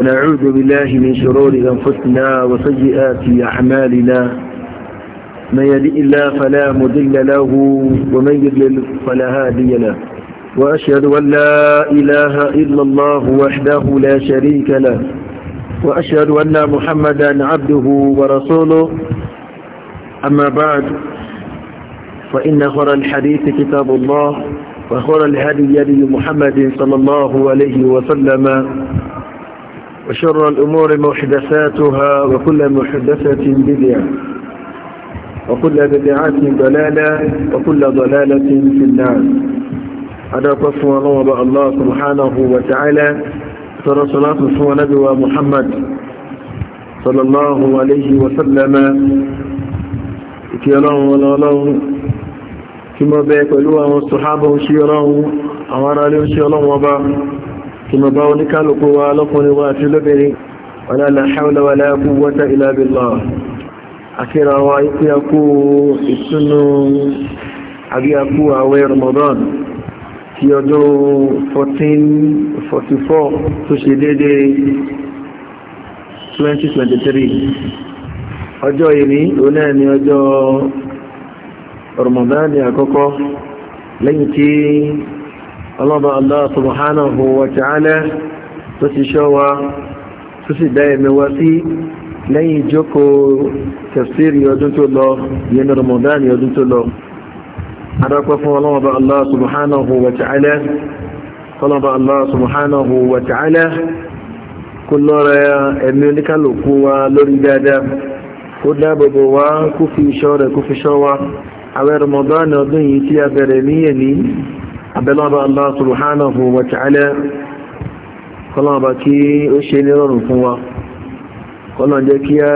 ونعوذ بالله من شرور أنفسنا وسيئات أعمالنا من يدئ الله فلا مضل له ومن يضلل فلا هادي له وأشهد أن لا إله إلا الله وحده لا شريك له وأشهد أن محمدا عبده ورسوله أما بعد فإن خر الحديث كتاب الله وخر الهدي يدي محمد صلى الله عليه وسلم وشر الأمور محدثاتها وكل محدثة بدعة وكل بدعة ضلالة وكل ضلالة في النار هذا قصوى الله الله سبحانه وتعالى صلى صلاة سوى نبي محمد صلى الله عليه وسلم كي الله ولا الله كما بيك ألوه والصحابة وشيره أمر عليه وشيره وبعض tí mo bá oníkálùkù wa lọ́kùnrin wa àti lóbìnrin wala la hawla wala quwwata illa billah àkíra wa ikú yakú ìtúnú àbí yakú Ramadan ti ọjọ́ 1444 tó ṣe dédé 2023 ọjọ́ ìní òun ọjọ́ Ramadan ni àkọ́kọ́ lẹ́yìn tí ọlọ́ba Allah subhanahu wa ta'ala tó ti ṣọ́ wa tó sì dá ẹ̀mẹ́ wa sí lẹ́yìn ìjókòó tafsiri ọdún tó lọ yẹn Ramadan ọdún tó lọ adápẹ́ fún ọlọ́ba Allah subhanahu wa ta'ala ọlọ́ba Allah subhanahu wa ta'ala kó lọ́rẹ̀ ẹ̀mí oníkàlùkù wa lórí dáadáa kó dáàbòbò wa kó fi ṣọ́ rẹ̀ kó fi ṣọ́ wa àwẹ̀ Ramadan ọdún yìí tí a bẹ̀rẹ̀ níyẹ̀ ní abẹ́lọ́bà Allah subhanahu wa ta'ala kọ́lọ́bà kí ó ṣe nírọ̀rùn fún wa kọ́lọ́ jẹ́ kí a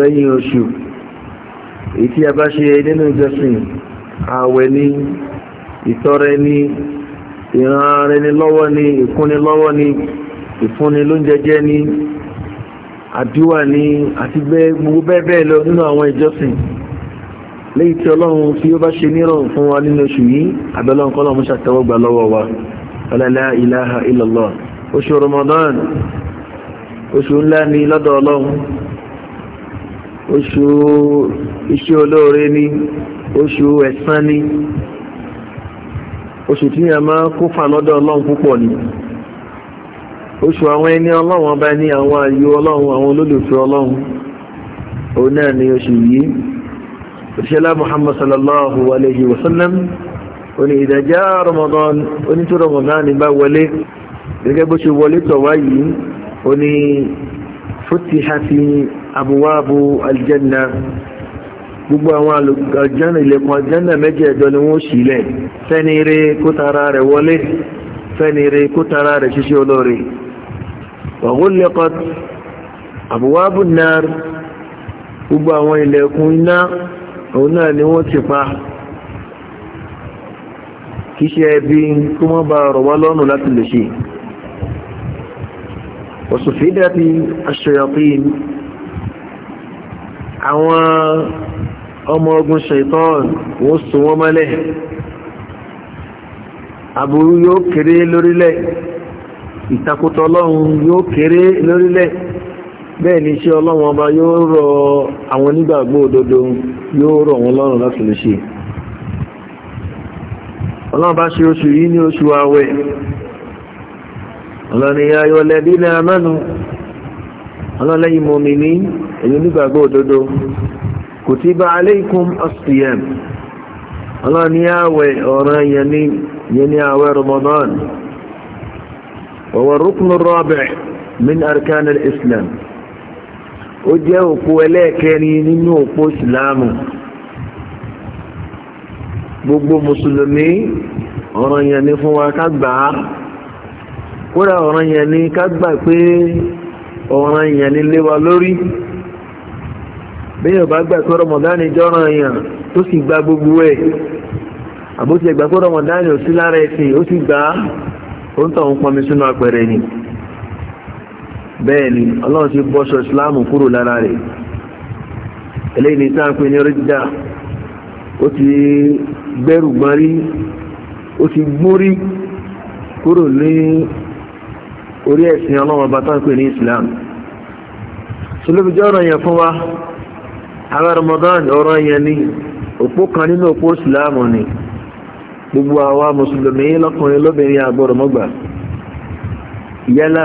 rẹ́yìn oṣù èyí tí a bá ṣe nínú ìjọsìn ààwẹ̀ ní ìtọrẹ ní ìran ara ẹni lọ́wọ́ ní ìkúnni lọ́wọ́ ní ìfúnni ní àdúwà ní àti gbogbo bẹ́ẹ̀ bẹ́ẹ̀ lọ nínú àwọn ìjọsìn léyìí tí ọlọ́run tí ó bá ṣe nírọ̀rùn fún wa nínú oṣù yìí àbẹ̀lọ́n kọ́lọ̀ mú ṣàtẹ́wọ́gbà lọ́wọ́ wa ọlọ́lá ìlàhà illallah oṣù Ramadan oṣù ńlá ni lọ́dọ̀ ọlọ́run oṣù iṣẹ́ olóore ni oṣù ẹ̀san ni oṣù tí a máa kó fà lọ́dọ̀ ọlọ́run púpọ̀ ni oṣù àwọn ẹni ọlọ́run ọba ní àwọn àyò ọlọ́run àwọn olólùfẹ́ ọlọ́run òun náà ni oṣù yìí òṣèlá muhammad sallallahu alayhi wa sallam oní ìdájá ramadan onítú ramadan ní bá wọlé gẹ́gẹ́ bó ṣe wọlé tọ̀wá yìí oní futihati abwabu aljanna gbogbo àwọn aljanna ilẹ̀kùn aljanna mẹ́jẹ̀ẹ̀jọ ni wọ́n sílẹ̀ fẹ́ni rẹ̀ kó tara rẹ̀ wọlé fẹ́ni rẹ̀ kó tara rẹ̀ ṣiṣẹ́ olóore wa ghulqat abwabu an gbogbo àwọn ilẹ̀kùn iná òun náà ni wọ́n ti pa kì í ṣe ẹbí kó mọ́ bá rọ̀ wá lọ́rùn láti lè ṣe ọ̀sùnfídàbí aṣọyọ̀pín àwọn ọmọ ogun ṣaitan wọ́n sọ wọ́n mọ́lẹ̀ aburú yóò kéré lórílẹ̀ ìtakùtọ̀ ọlọ́run yóò kéré lórílẹ̀ bẹ́ẹ̀ ni iṣẹ́ ọlọ́run ọba yóò rọ àwọn onígbàgbọ́ òdodo yóò rọ̀ wọ́n lọ́rùn láti lè ṣe ọlọ́run bá ṣe oṣù yìí ní oṣù àwẹ̀ ọlọ́ni ayọ̀lẹ́bí ní amánu ọlọ́lẹ́yìn mọ̀mí ní èyí ó jẹ́ òpó ẹlẹ́ẹ̀kẹrin nínú òpó ìsìláàmù gbogbo mùsùlùmí ọ̀ràn yẹn ni fún wa ká gbà á yẹn ni ká gbà pé yẹn ni lé wa lórí bẹ́ẹ̀ bá gbà pé rọmọdánì yẹn tó gba gbogbo ẹ̀ àbótiẹ̀ gbà pé rọmọdánì ò sí lára ẹ̀sìn bẹ́ẹ̀ ni ọlọ́run ti bọ́ṣọ islamu kúrò lára rẹ̀ eléyìí ní sáàpé ní rídà ó ti gbẹ́rù gbọ́n ó ti gbún kúrò ní orí ẹ̀sìn ọlọ́run ọba tó ń pè ní islam yẹn fún wa ara ramadan ọ̀rọ̀ yẹn ni òpó kan nínú òpó islamu ni gbogbo àwa mùsùlùmí lọ́kùnrin lóbìnrin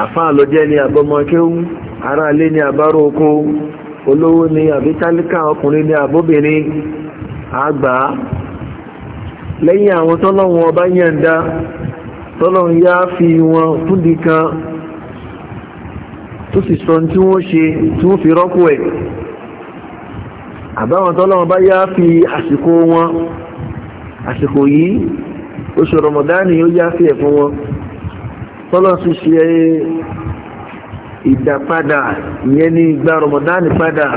àfáà ló jẹ́ ní àbọ́mọkéhù ará ilé ní àbárò oko olówó ní àbítálíkà ọkùnrin ní àbóbìnrin àgbà lẹ́yìn àwọn tọ́lọ́run ọba yẹ̀ǹda tọ́lọ́run yá fi wọn fúndì kan tó sì sọ tí wọ́n ṣe tí wọ́n fi rọ́pò ẹ̀ àbáwọn tọ́lọ́wọ́n bá yá fi àsìkò wọn àsìkò yìí oṣù rọmọdánì ó yá fi ẹ̀ wọn tọ́lọ́ sì ṣe ìdápadà ìyẹn ní ìgbà Ramadan padà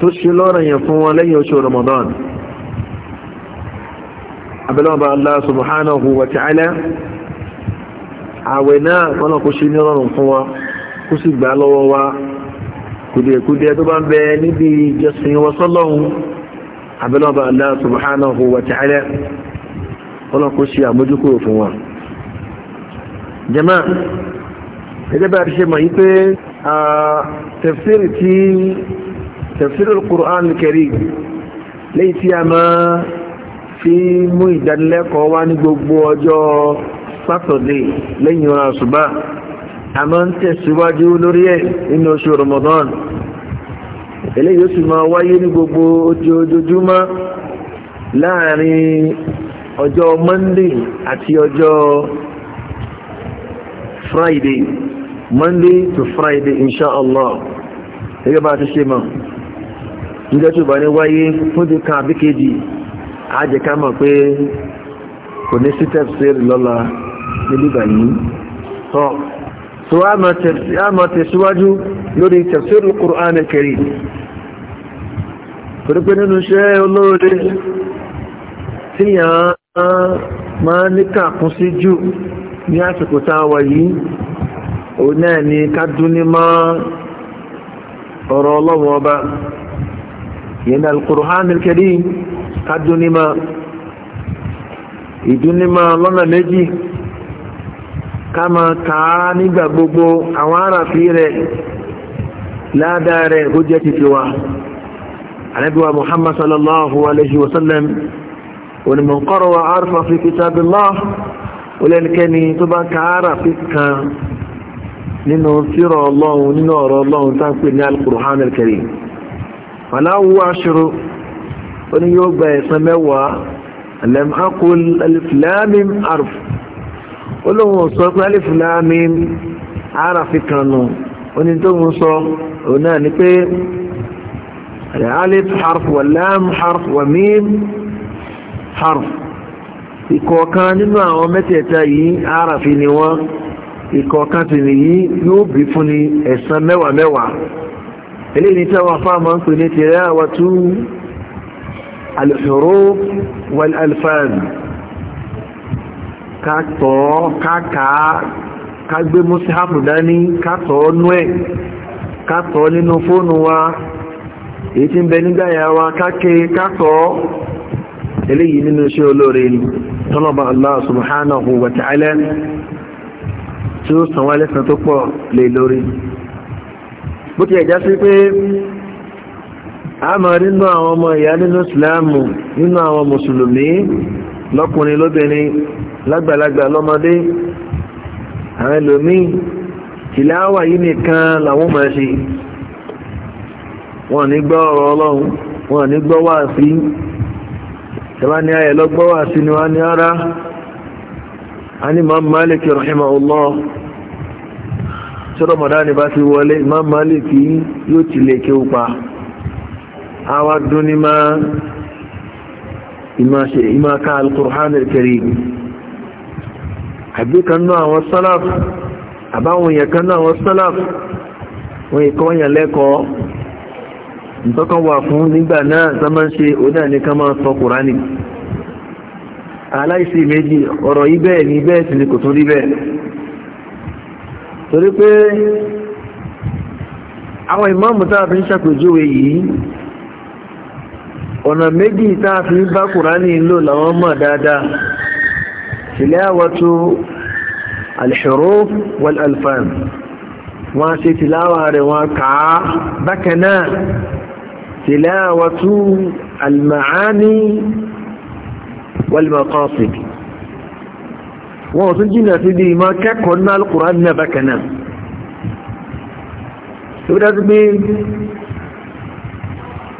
tó ṣe lọ́rọ̀ yẹn fún wọn lẹ́yìn oṣù Ramadan abẹ́lọ́ba Allah subhanahu wa ta'ala àwẹ̀ náà kọ́nà kó ṣe ní ọlọ́run fún wa kó sì gbà lọ́wọ́ wa kùdìẹ̀kùdìẹ̀ tó bá ń bẹ níbi ìjọsìn wa sọ́lọ́run abẹ́lọ́ba Allah subhanahu wa ta'ala kọ́nà kó ṣe àmójúkúrò fún wa jẹ́mọ́ gẹ́gẹ́ bí a ti ṣe mọ̀ yí pé tafsiri tí tafsiri al-Qur'an al-Karim léyìí tí a máa fi mú ìdánilẹ́kọ̀ọ́ wá ní gbogbo ọjọ́ sátọ̀dé lẹ́yìn ọ̀rọ̀ àṣùbá a máa ń tẹ̀síwájú lórí ẹ̀ nínú oṣù Ramadan eléyìí ó sì máa wáyé ní gbogbo ojoojúmọ́ láàrin ọjọ́ Monday àti ọjọ́ Friday Monday to Friday inshallah gẹ́gẹ́ bá ti ṣe mọ̀ níjọ́ tó bá ní wáyé fún ti kan àbí kejì àjẹká mọ̀ pé kò ní sí tẹ́fṣẹ́rì lọ́la níbígbà yìí tọ́ tó a máa tẹ̀síwájú lórí tẹ̀fṣẹ́rì Qur'an al-Karim torí pé nínú iṣẹ́ olóore tí yàn án máa ní kàkún sí jù ní àsìkò táwà yìí o náà ni ká dúní mọ́ ọ̀rọ̀ ọlọ́run ọba yẹn al-Qur'an al-Karim ká dúní mọ́ ìdúní mọ́ lọ́nà méjì ká máa kà á nígbà gbogbo àwọn aráàfin rẹ̀ ládàá rẹ̀ ó jẹ́ títí wa anabiwa Muhammad sallallahu alayhi wa sallam onímọ̀ wa arfa fi kitabillah olẹ́nikẹ́ni tó bá ka àràfin kan nínú tírà ọlọ́run nínú ọ̀rọ̀ ọlọ́run tá ń pè ní al-Qur'an al-Karim falahu ashru ó ní yóò gba ẹ̀san mẹ́wàá lam aqul alif lam harf wa mim harf ìkọ̀ọ̀kan nínú àwọn mẹ́tẹ̀ẹ̀ta yìí àràfin ni wọ́n ìkọ̀ọ̀kan ti nìyí yóò bí fún ni ẹ̀san mẹ́wàá mẹ́wàá eléyìí ni táwọn afáàmà ń pè ní tẹ̀rẹ́ àwọ̀tú al-huruf wal-alfaz kàtọ́ kàkàá kagbé mọ́síhápù dání kàtọ́ nú eléyìí nínú iṣẹ́ olóore ni tọ́lọ́bà Allah subhanahu wa ta'ala tí ó sàn wá lẹ́sàn tó pọ̀ lè lórí bó ti ẹ̀já sí pé a mọ̀ nínú àwọn ọmọ ìyá nínú ìsìláàmù nínú àwọn mùsùlùmí lọ́kùnrin lóbìnrin lágbàlagbà lọ́mọdé àwọn ẹlòmíì tìláwà yìí nìkan làwọn máa ṣe wọn ní gbọ́ ọ̀rọ̀ ọlọ́run wọn ní gbọ́ wáàsí tẹ́wà ní ayẹ̀ lọ́gbọ́wà sí ni wá ní ara a ní Imam Malik rahimahullah tí Ramadan bá ti wọlé Imam Malik yóò ti lè kéwù pa a wá dún ní máa ìmá ká al-Qur'an al-Karim àbí kan àwọn sálàf àbáwọn èèyàn kan àwọn sálàf wọ́n ìkọ́ yàn lẹ́kọ̀ọ́ ìtọ́kan wà fún nígbà náà sọmọ ṣe òdà ní ká máa sọ kùránì aláìsí méjì ọ̀rọ̀ yí bẹ́ẹ̀ ni bẹ́ẹ̀ sì ni kò tún rí bẹ́ẹ̀ torí pé àwọn ìmáàmù tá a fi ń ṣàpèjúwe yìí ọ̀nà méjì tá a fi ń bá kùránì lò làwọn mọ̀ dáadáa tilawatu alhuruf wal alfan wọ́n ṣe tìláwà rẹ̀ wọ́n kàá bákan náà تلاوة المعاني والمقاصد wọ́n tún jìnà sí bí ma kẹ́kọ̀ọ́ ní alkùnrán ní àbákanáà tó dájú pé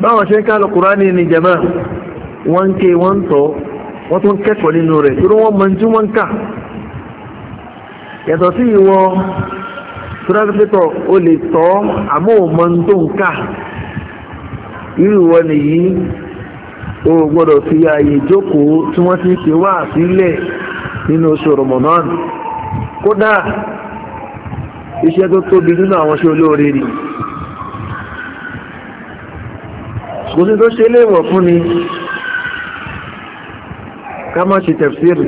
báwọn ṣe ń ká alkùnrán ní ní jama wọ́n ké wọ́n tọ́ wọ́n tún kẹ́kọ̀ọ́ nínú rẹ̀ tó wọ́n mọ̀ tí wọ́n ká yàtọ̀ sí ìwọ tó dájú pé tọ́ irú wọn nìyí o gbọ́dọ̀ fi ààyè jókòó tí wọ́n ti ń wá sílẹ̀ nínú oṣù Ramadan kódà iṣẹ́ tó tóbi nínú àwọn ṣe olóore rí kò sí tó ṣe léèwọ̀ fún ni ká má ṣe tẹ̀fsíìrì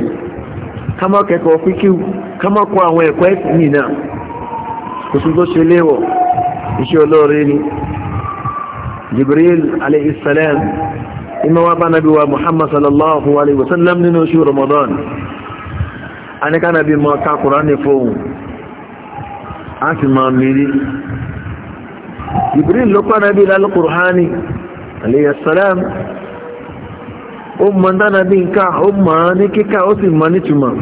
ká má kẹ́kọ̀ọ́ fíkíw ká má kọ àwọn ẹ̀kọ́ náà jibril alayhi salam ima wa bá nabi wa muhammad sallallahu alayhi wa sallam nínú oṣù ramadan a ní ká nabi ma ka kùránì fóun a sì ma mìírí jibril ló pa nabi lálẹ́ kùránì alayhi salam ó mọ̀ dánabi nká ó mọ̀ ní kíkà ó sì mọ̀ nítumọ̀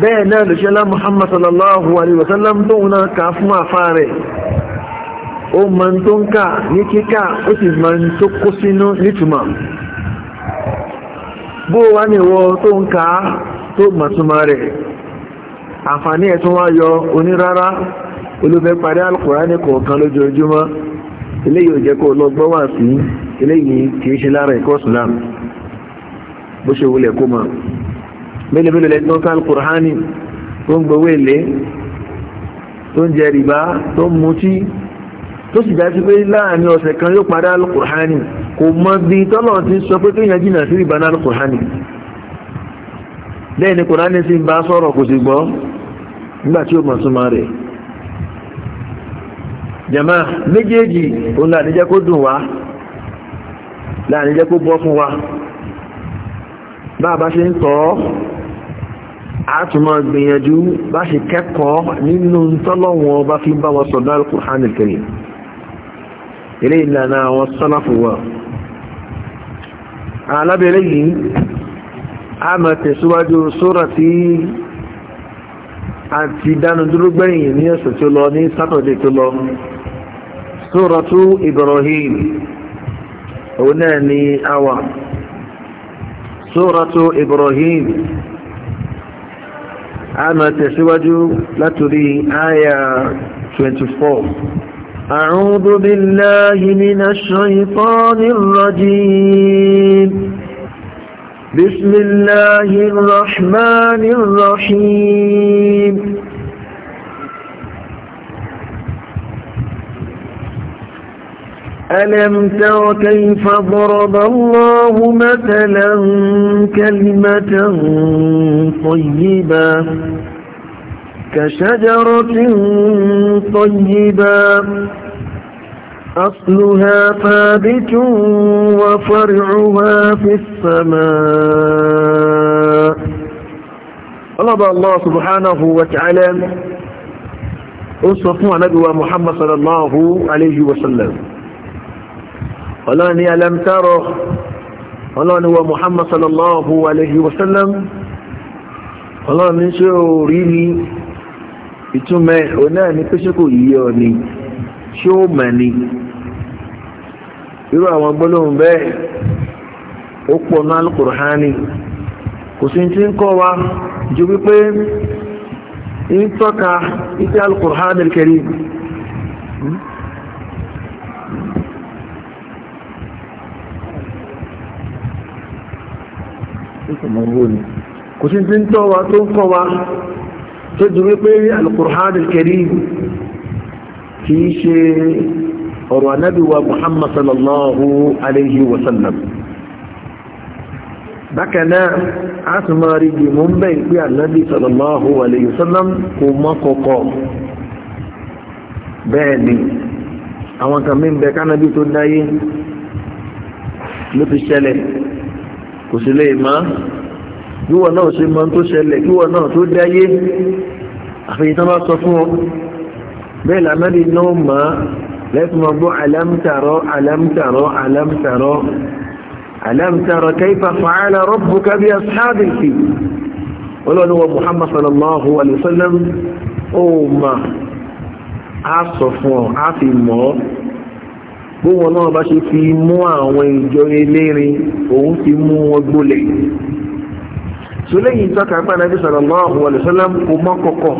bẹ́ẹ̀ náà lè ṣẹlá muhammad sallallahu alayhi wa sallam tóun náà ka fún àfá rẹ̀ ó mọ tó ń kà ní kíkà ó sì mọ tó kó sínú nítumọ̀ bó wá níwọ tó ń kà tó mọ̀túnmọ̀ rẹ̀ àǹfààní ẹ̀tún wá yọ onírárá olùfẹ́ parí alukùránì kọ̀ọ̀kan lójoojúmọ́ eléyìí ò jẹ́ kó lọ gbọ́ wà sí eléyìí kìí ṣe lára ẹ̀kọ́ islam bó ṣe wulẹ̀ kó mọ̀ mélòmélò lẹ́yìn tó ń tó ń gbowó èlé tó ń jẹ rìbá tó ń mutí tó sì dájú pé láàrin ọ̀sẹ̀ kan yóò padà alukurhani kò mọ bí tọ́lọ̀ ti sọ pé kéèyàn jìnnà sí ìbáná alukurhani lẹ́yìn ni kùránì sì ń bá sọ̀rọ̀ kò sì gbọ́ nígbà tí ó mọ̀ súnmọ́ rẹ̀ jàmá méjèèjì òun láàrin jẹ́ kó dùn wá gbìyànjú bá ṣe kẹ́kọ̀ọ́ nínú tọ́lọ́wọ́n bá fi ń bá wọn sọ̀dọ̀ alukurhani kẹrin ilé ìlànà àwọn sọ́nàfù wà alábẹ̀rẹ̀ yìí a mọ̀ tẹ̀síwájú sóra tí a ti dánudúró gbẹ̀yìn ní ọ̀sẹ̀ tó lọ ní sátọ̀dẹ̀ tó lọ sóra tó Ibrahim òun náà ni a sóra tó Ibrahim a mọ̀ tẹ̀síwájú látòrí àyà 24 أعوذ بالله من الشيطان الرجيم بسم الله الرحمن الرحيم ألم تر كيف ضرب الله مثلا كلمة طيبة كشجرة طيبة أصلها ثابت وفرعها في السماء الله الله سبحانه وتعالى أصفوا نبي محمد صلى الله عليه وسلم ọlọ́ni alamtaro ọlọ́ni wa محمد صلى الله عليه وسلم ṣe orí ni ìtumọ̀ òun náà ni pé ṣé kò yí ọ ni ṣé ó mọ̀ ni irú àwọn gbólóhùn bẹ́ẹ̀ ó pọ̀ náà Al-Qur'ani kò sí ti ń kọ́ wa ju wípé ń tọ́ka ife Al-Qur'an al kò sí ti ń tọ́ wa tó ń kọ́ wa tó ti wípé al-Qur'an al-Karim kìí ṣe ọ̀rọ̀ anábíwa Muhammad sallallahu alayhi wa sallam bákanáà a sì máa rí jù mú ń bẹ́ ìpé anábí sallallahu alayhi wa sallam kò mọ́ kọ̀kọ̀ bẹ́ẹ̀ ni àwọn kan bẹ kánábí tó dáyé ló ti ṣẹlẹ̀ kò sí lè máa ìwọ náà ṣe mọ tó ṣẹlẹ̀ ìwọ náà tó dáyé àfihàn tó bá sọ fún ọ bẹ́ẹ̀ lànàbí náà mọ̀ á lẹ́tùn mọ́ gbọ́ alámtàrọ́ alámtàrọ́ alámtàrọ́ alámtàrọ́ kayfa fa'ala rabbuka bi ashabil fil olóòníwọ̀ Muhammad sallallahu alayhi wa sallam ó mà á sọ fún ọ á fi mọ̀ ọ́ náà bá ṣe fi mú àwọn ìjọ elérin òun ti mú wọn gbólẹ̀ so lẹ́yìn tọ́ka pé anábì sallallahu alaihi wasallam kò mọ́ kọ̀kọ̀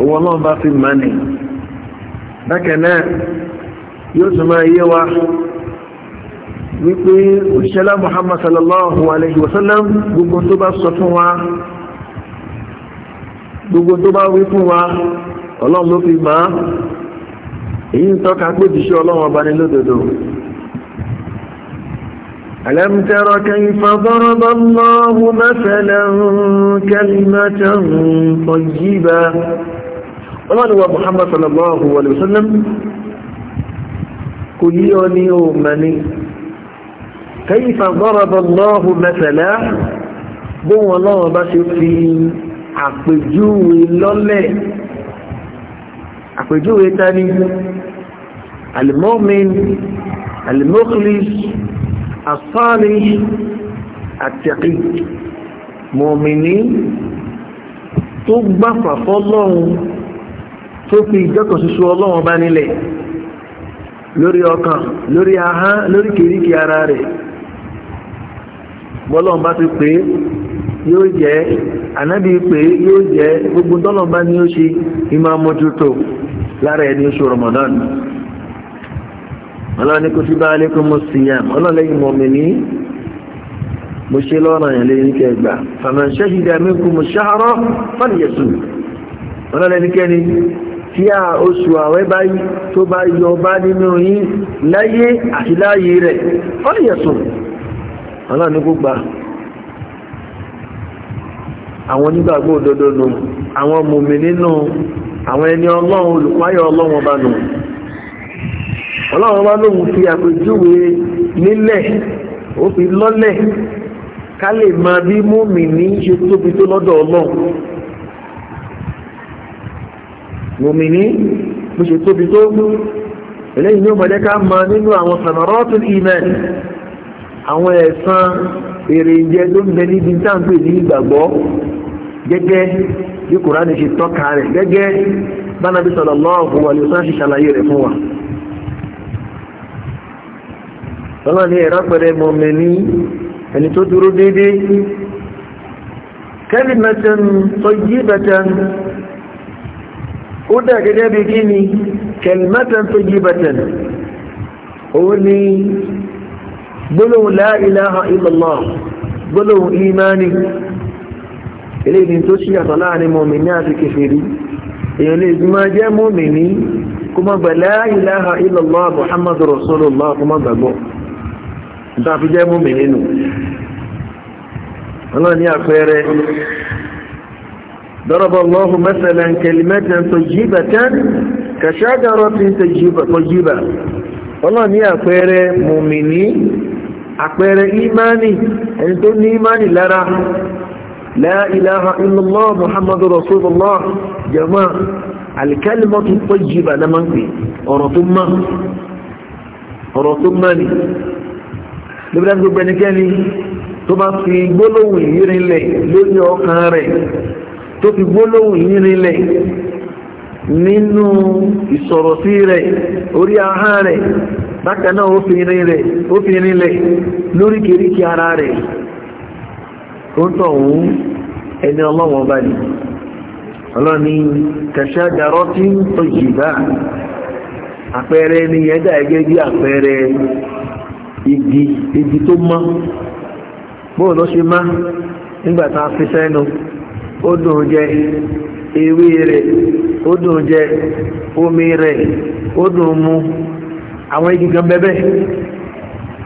òun ọlọ́run bá fi mọ́ ni bákan náà yóò tún máa yé wa wípé òṣìṣẹ́lá Muhammad sallallahu alaihi ألم تر كيف ضرب الله مثلا كلمة طيبة ومن هو محمد صلى الله عليه وسلم كل يوم كيف ضرب الله مثلا بو الله بشفين àpèjúwe lọ́lẹ̀ àpèjúwe tani alimọ́min alimọ́klis asọ́lẹ̀ àtẹ̀kì mọ̀mìnì tó gbàfà fọ́lọ́run tó fi ìjọ́kàn ṣoṣo ọlọ́run bá nílẹ̀ lórí ọkàn lórí ahán lórí kìríkì ara rẹ̀ bọ́lọ́run bá ti pé yóò jẹ́ ànábì pé yóò jẹ́ gbogbo tọ́lọ́run bá ní ó ṣe ìmọ̀ àmójútó lára ẹni oṣù Ramadan ọlọ́run ní kutiba alaykumus siyam ọlọ́run lẹ́yìn mọ̀mí ní mo ṣe lọ́rọ̀ yẹn lẹ́yìn kẹgbà faman shahida minkumu shahra falyasum ọlọ́run lẹ́yìn kẹ́ni tí a oṣù àwẹ̀ báyìí tó bá yọ bá nínú yín láyé àti láyé rẹ̀ falyasum ọlọ́run ní kó gbà ọlọ́run máa lóun fi àpèjúwe nílẹ̀ ó fi lọ́lẹ̀ ká lè máa bí mùmíní ṣe tóbi tó lọ́dọ̀ ọlọ́run mùmíní bó ṣe tóbi tó eléyìí ní ma ká máa nínú àwọn sàmárọ́tún ìmẹ̀ àwọn ẹ̀san èrè ìjẹ tó ń bẹ níbi ní ìgbàgbọ́ gẹ́gẹ́ bí ṣe tọ́ka rẹ̀ gẹ́gẹ́ bánabi wa. tọ́lá ní ẹ̀rọ pẹ̀rẹ̀ mọ̀mẹ́ ní ẹni tó dúró dédé kalimatan tayyibatan ó dà gẹ́gẹ́ bí kí ni kalimatan tayyibatan òun ni gbólóhùn la ilaha illallah gbólóhùn ìmáni ilé ìdí tó ṣí àtọ̀ láàrin mọ̀mí ní àti kèfèrí èèyàn lè gbọ́n jẹ́ mọ̀mí ní kó má gbà la níta fi jẹ́ mú mi nínú ọlọ́ni àpẹẹrẹ dọ́rọ̀bọ̀ lọ́hùn mẹ́sẹ̀lẹ̀ kẹlìmẹ́tẹ̀ tó jíbẹ̀ tán kẹṣẹ́gàrọ̀ tí tó jíbẹ̀ ọlọ́ni àpẹẹrẹ mùmìní àpẹẹrẹ ìmáni ẹni tó ní ìmáni lára la ilaha illallah muhammadu rasulullah jama'a alkalimatu tayyiba na man pe ọ̀rọ̀ tó mọ́ lóbi dájú gbogbo ẹnikẹ́ni tó bá fi gbólóhùn ìyínrinlẹ̀ lórí ọkàn rẹ̀ tó fi gbólóhùn ìyínrinlẹ̀ nínú ìsọ̀rọ̀ sí rẹ̀ orí ahọ́n rẹ̀ bákan náà ó fi rinlẹ̀ lórí kèríkì ara rẹ̀ tó ń tọ̀ òun ẹni ọlọ́wọ̀n bá ní ọlọ́ni kẹṣẹ́dàrọ́ tí ń tọ̀ yìí àpẹẹrẹ ni ẹ̀dà ẹgẹ́ bí àpẹẹrẹ igi igi tó mọ́ bóò ló ṣe má nígbà tá a ó dùn jẹ ewé rẹ̀ ó dùn jẹ omi rẹ̀ ó dùn mu àwọn igi bẹ́bẹ́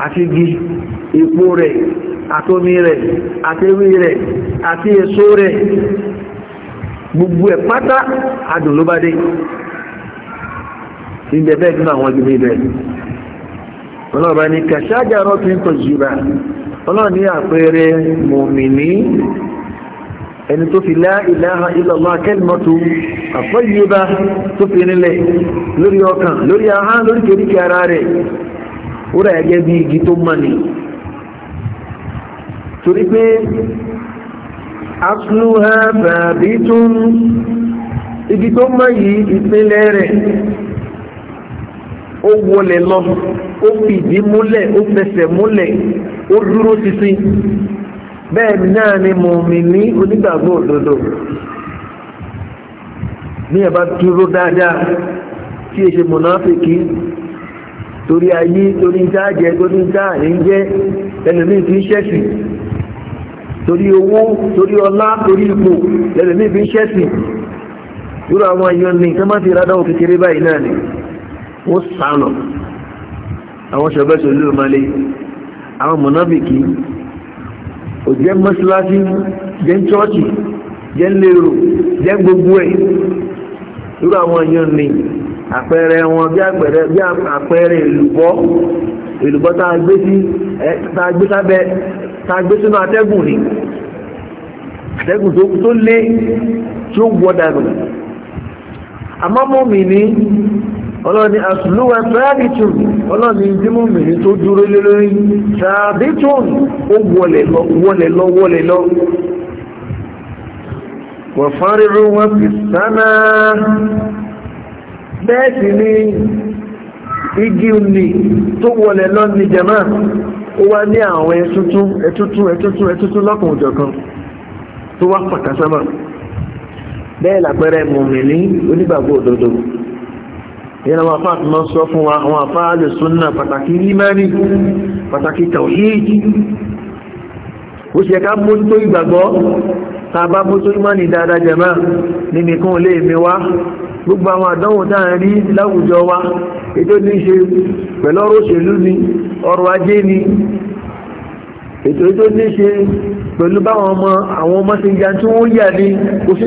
àti igi àti gbogbo ẹ̀ pátá adùn ló bá dé ọlọ́ọ̀bá ní kàṣájà rọ́tún tó jìbà ọlọ́ọ̀ ní àpẹẹrẹ mùmìnì ẹni tó fi la ilaha illallah kalimatu àfọ́yíba tó fi nílẹ̀ lórí ọkàn lórí ahá lórí kèríkè ara rẹ̀ ó rà gẹ́gẹ́ bí igi tó mọ́ni torí pé asluha babitun igi tó mọ́ yìí ìpínlẹ̀ rẹ̀ ó wọlé lọ́fún ó fìdí múlẹ̀ ó fẹsẹ̀ múlẹ̀ ó dúró ṣinṣin bẹ́ẹ̀ náà ni mùmíní onígbàgbọ́ òdodo ní ẹ̀bá dúró dáadáa tí èṣe mùnáfíkì torí ayé torí jáàjẹ torí jáàní jẹ́ ẹlòmíì fi ń ṣẹ̀sìn torí owó torí ọlá torí ipò ẹlòmíì fi ń ṣẹ̀sìn irú àwọn ẹ̀yọ́ ní kí wọ́n má báyìí náà ni ó sálọ̀ àwọn ṣọ̀bẹ́sì olóòmálé àwọn mọ̀nàbìkì ò jẹ́ mọ́síláṣí jẹ́ chọ́ọ̀chì jẹ́ lérò jẹ́ gbogbo ẹ̀ irú àwọn èèyàn ni àpẹẹrẹ wọn bí àpẹẹrẹ bí àpẹẹrẹ èlùbọ́ èlùbọ́ tá a gbé sí tá a gbé sábẹ́ tá a gbé sínú atẹ́gùn ni atẹ́gùn tó lé tí ó wọ́ dànù àmọ́ mọ́mì ní ọlọ́ni àtúlúwà sáàbìtùn ọlọ́ni ìdímọ̀ mìírí tó dúró lé lórí sáàbìtùn ó wọlẹ̀ lọ wọlẹ̀ lọ wọlẹ̀ lọ wọ̀fánrírú wọn fi sánà bẹ́ẹ̀ sì ni igi ni tó wọlẹ̀ lọ ní jẹ́mà ó wá ní àwọn ẹtútú ẹtútú ẹtútú ẹtútú lọ́kùn tó wá pàkàsámà bẹ́ẹ̀ làpẹẹrẹ mọ̀mìnì onígbàgbọ́ òdodo yana wa fa ma sọ fún wa wa fa le sunna pàtàkì imani pàtàkì tawhid ó ṣe ká mú tó ìgbàgbọ́ ta bá mú tó imani dáadáa jama nínú kan lè mi wá gbogbo àwọn àdánwò tá rí láwùjọ wa ètò ní ṣe pẹ̀lú ọ̀rọ̀ òṣèlú ni ọrọ̀ ajé ni ètò ètò ní ṣe pẹ̀lú báwọn ọmọ àwọn ọmọ ṣe ń jà tí wọ́n yà ni kò sí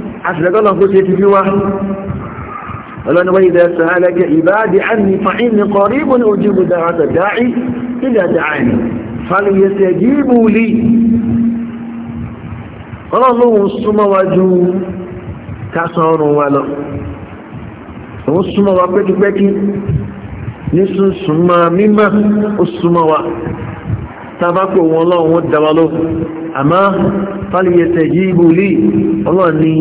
àtìlẹ́gọ́lọ́ kó ṣe ti fi wá ọlọ́ni wáyé ìdá sàálẹ́gẹ́ ìbáàdì àmì fàínì kọ̀ríbù ní ojú ìbùdá àtà dáì ìdá dáì fàlùyẹsẹ̀ jíìbù lì ọlọ́run súnmọ́ wa ju kásán ọrùn wa lọ òun súnmọ́ wa ní súnmọ́ mímọ́ ó súnmọ́ wa tabako wọn lì ọlọ́ni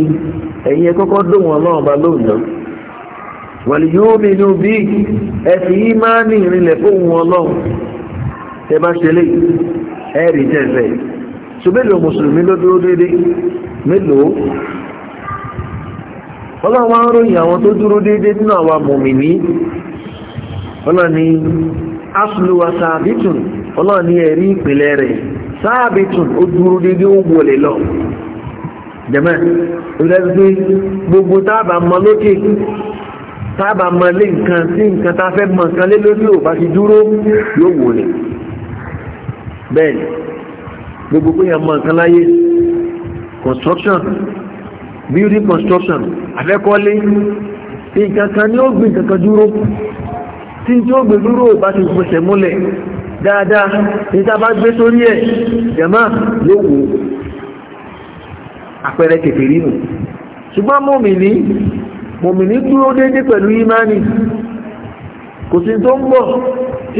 ẹ̀yin ẹ kọ́kọ́ dóhùn náà bá lóhùn náà yóò mi inú bí yìí máa ní ìrìnlẹ̀ fóhùn ọlọ́run tẹ bá ṣe ẹ̀rì tẹ̀sẹ̀ ṣùgbẹ́lò mùsùlùmí ló dúró dédé mélòó ọlọ́run wá ròyìn àwọn tó dúró dédé nínú àwa mùmìnì ọlọ́run ni asùlùwà ọlọ́run ni ẹ̀rí ìpìlẹ̀ rẹ̀ ó dúró dédé ó wọlé lọ jẹ́mẹ́ ìrẹ́sí gbogbo tábà mọ lókè tábà mọ lé nǹkan sí nǹkan tá fẹ́ mọ nǹkan lé lórí ò bá ti dúró yóò wò ní bẹ́ẹ̀ni gbogbo pé yàn mọ nǹkan láyé construction building construction afẹ́kọ́lé nǹkan kan ní ó gbìn kankan dúró tí tí ó gbè dúró ò bá ti pèsè múlẹ̀ dáadáa ní tá bá gbé sórí ẹ̀ jẹ́mọ́ yóò wò àpẹẹrẹ kèfèrí nù ṣùgbọ́n mòmìnì mòmìnì dúró déédéé pẹ̀lú ìmánì kò sí tó ń bọ̀